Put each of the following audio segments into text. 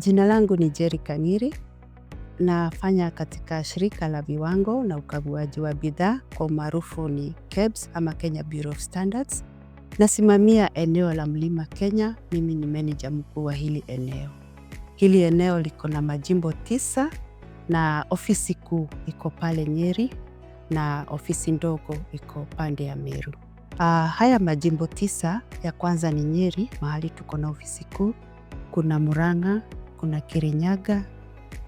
Jina langu ni Jerry kaniri nafanya katika shirika la viwango na ukaguaji wa bidhaa kwa umaarufu ni KEBS ama Kenya Bureau of Standards. Nasimamia eneo la Mlima Kenya. Mimi ni meneja mkuu wa hili eneo. Hili eneo liko na majimbo tisa na ofisi kuu iko pale Nyeri na ofisi ndogo iko pande ya Meru. Uh, haya majimbo tisa ya kwanza ni Nyeri, mahali tuko na ofisi kuu. Kuna Murang'a, kuna Kirinyaga,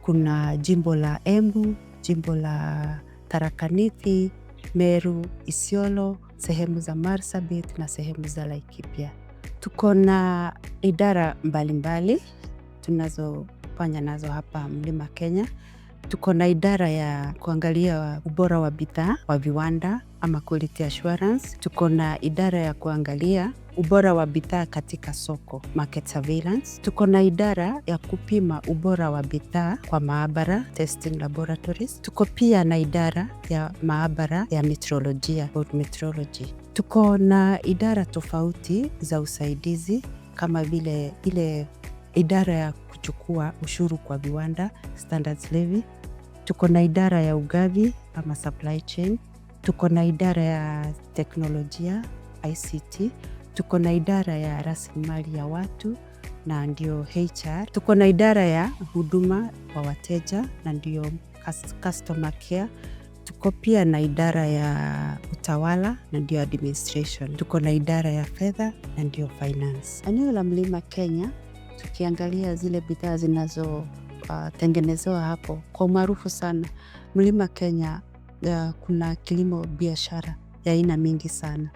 kuna jimbo la Embu, jimbo la Tarakanithi, Meru, Isiolo, sehemu za Marsabit na sehemu za Laikipia. Tuko na idara mbalimbali tunazofanya nazo hapa Mlima Kenya. Tuko na idara ya kuangalia ubora wa bidhaa wa viwanda ama quality assurance. Tuko na idara ya kuangalia ubora wa bidhaa katika soko, market surveillance. Tuko na idara ya kupima ubora wa bidhaa kwa maabara, testing laboratories. Tuko pia na idara ya maabara ya metrolojia, board metrology. Tuko na idara tofauti za usaidizi kama vile ile idara ya kuchukua ushuru kwa viwanda, standards levy. Tuko na idara ya ugavi ama supply chain tuko na idara ya teknolojia ICT, tuko na idara ya rasilimali ya watu na ndio HR, tuko na idara ya huduma kwa wateja na ndio customer care, tuko pia na idara ya utawala na ndio administration, tuko na idara ya fedha na ndio finance. Eneo la Mlima Kenya tukiangalia zile bidhaa zinazotengenezewa uh, hapo kwa umaarufu sana Mlima Kenya kuna kilimo biashara ya aina mingi sana.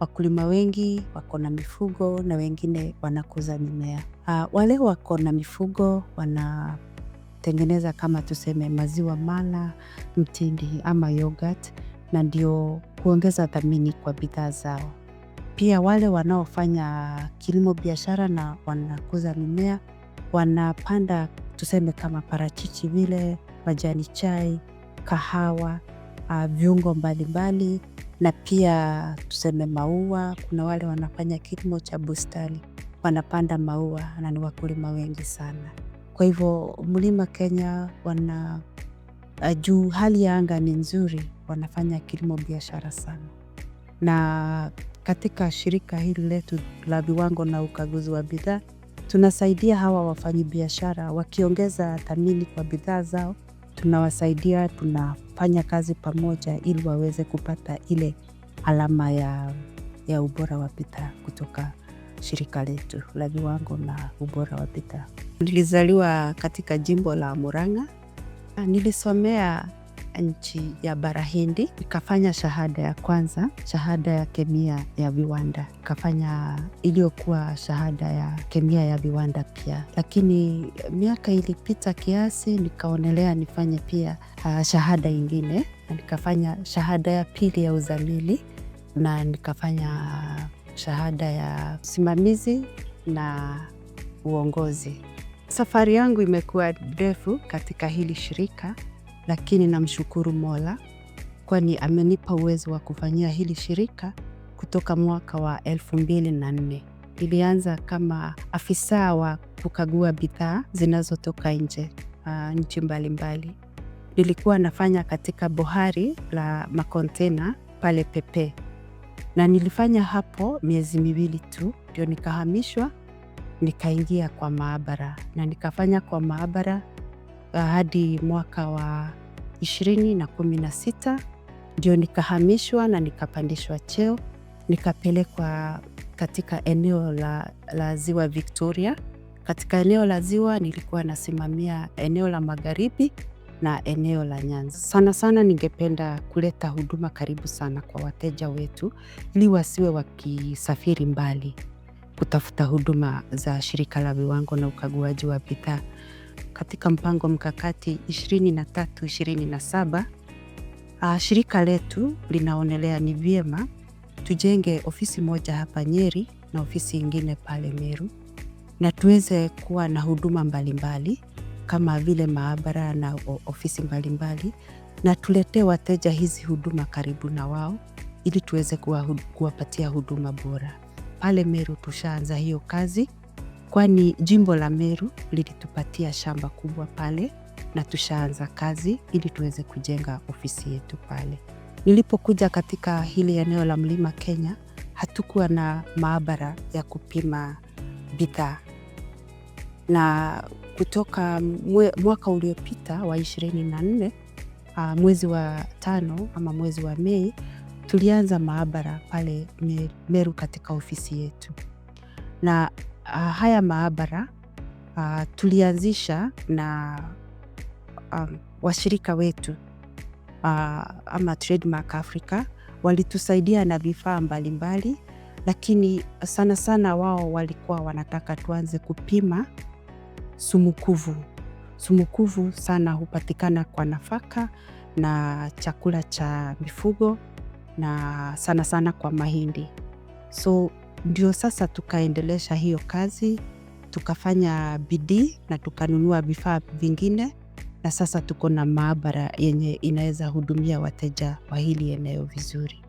Wakulima wengi wako na mifugo na wengine wanakuza mimea. Ah, wale wako na mifugo wanatengeneza kama tuseme maziwa mala, mtindi ama yoghurt, na ndio kuongeza thamani kwa bidhaa zao. Pia wale wanaofanya kilimo biashara na wanakuza mimea wanapanda tuseme kama parachichi vile, majani chai, kahawa uh, viungo mbalimbali na pia tuseme maua. Kuna wale wanafanya kilimo cha bustani, wanapanda maua na ni wakulima wengi sana. Kwa hivyo mlima Kenya wana uh, juu hali ya anga ni nzuri, wanafanya kilimo biashara sana, na katika shirika hili letu la viwango na ukaguzi wa bidhaa tunasaidia hawa biashara wakiongeza thamini kwa bidhaa zao tunawasaidia, tunafanya kazi pamoja ili waweze kupata ile alama ya, ya ubora wa bidhaa kutoka shirika letu la viwango na ubora wa bidhaa. Nilizaliwa katika jimbo la Murang'a. Nilisomea nchi ya bara Hindi, ikafanya shahada ya kwanza, shahada ya kemia ya viwanda, ikafanya iliyokuwa shahada ya kemia ya viwanda pia, lakini miaka ilipita kiasi, nikaonelea nifanye pia uh, shahada ingine, na nikafanya shahada ya pili ya uzamili na nikafanya shahada ya usimamizi na uongozi. Safari yangu imekuwa ndefu katika hili shirika lakini namshukuru Mola kwani amenipa uwezo wa kufanyia hili shirika kutoka mwaka wa elfu mbili na nne. Ilianza kama afisa wa kukagua bidhaa zinazotoka nje uh, nchi mbalimbali. Nilikuwa nafanya katika bohari la makontena pale Pepe, na nilifanya hapo miezi miwili tu, ndio nikahamishwa nikaingia kwa maabara na nikafanya kwa maabara Uh, hadi mwaka wa ishirini na kumi na sita ndio nikahamishwa na nikapandishwa cheo nikapelekwa katika eneo la, la ziwa Victoria. Katika eneo la ziwa nilikuwa nasimamia eneo la magharibi na eneo la Nyanza. Sana sana ningependa kuleta huduma karibu sana kwa wateja wetu, ili wasiwe wakisafiri mbali kutafuta huduma za shirika la viwango na ukaguaji wa bidhaa katika mpango mkakati 2327 uh, ah, shirika letu linaonelea ni vyema tujenge ofisi moja hapa Nyeri na ofisi ingine pale Meru na tuweze kuwa na huduma mbalimbali mbali, kama vile maabara na ofisi mbalimbali mbali, na tuletee wateja hizi huduma karibu na wao ili tuweze kuwapatia huduma bora. Pale Meru tushaanza hiyo kazi kwani jimbo la Meru lilitupatia shamba kubwa pale na tushaanza kazi ili tuweze kujenga ofisi yetu pale. Nilipokuja katika hili eneo la Mlima Kenya, hatukuwa na maabara ya kupima bidhaa na kutoka mwe, mwaka uliopita wa ishirini na nne ah, mwezi wa tano ama mwezi wa Mei tulianza maabara pale Meru katika ofisi yetu na Uh, haya maabara uh, tulianzisha na um, washirika wetu uh, ama Trademark Africa walitusaidia na vifaa mbalimbali, lakini sana sana wao walikuwa wanataka tuanze kupima sumukuvu. Sumukuvu sana hupatikana kwa nafaka na chakula cha mifugo na sana sana kwa mahindi so ndio sasa tukaendelesha hiyo kazi, tukafanya bidii na tukanunua vifaa vingine, na sasa tuko na maabara yenye inaweza hudumia wateja wa hili eneo vizuri.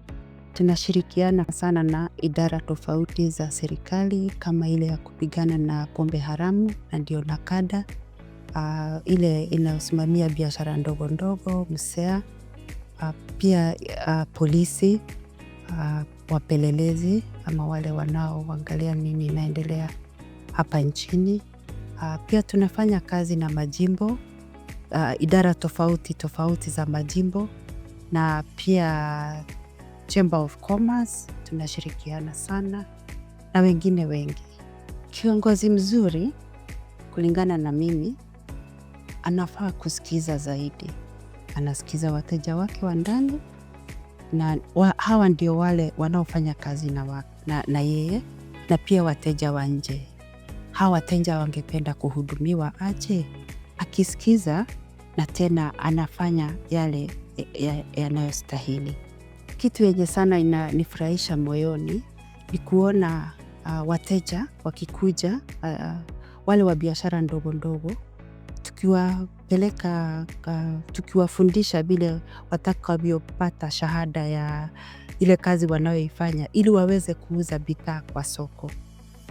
Tunashirikiana sana na idara tofauti za serikali kama ile ya kupigana na pombe haramu na ndio NACADA, uh, ile inayosimamia biashara ndogo ndogo, MSEA, uh, pia uh, polisi uh, wapelelezi ama wale wanaoangalia nini inaendelea hapa nchini. Uh, pia tunafanya kazi na majimbo uh, idara tofauti tofauti za majimbo na pia Chamber of Commerce tunashirikiana sana na wengine wengi. Kiongozi mzuri kulingana na mimi anafaa kusikiza zaidi, anasikiza wateja wake wa ndani na wa, hawa ndio wale wanaofanya kazi na, wa, na, na yeye na pia wateja wa nje. Hawa wateja wangependa kuhudumiwa aje? Akisikiza na tena anafanya yale e, yanayostahili. Kitu yenye sana inanifurahisha moyoni ni kuona uh, wateja wakikuja uh, wale wa biashara ndogo ndogo tukiwapeleka tukiwafundisha vile watakavyopata shahada ya ile kazi wanayoifanya ili waweze kuuza bidhaa kwa soko,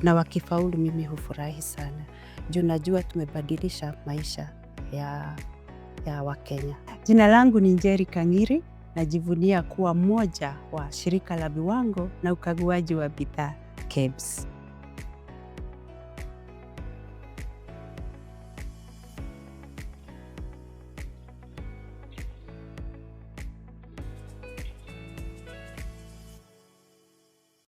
na wakifaulu, mimi hufurahi sana juu najua tumebadilisha maisha ya, ya Wakenya. Jina langu ni Njeri Kang'iri. Najivunia kuwa mmoja wa shirika la viwango na ukaguaji wa bidhaa KEBS.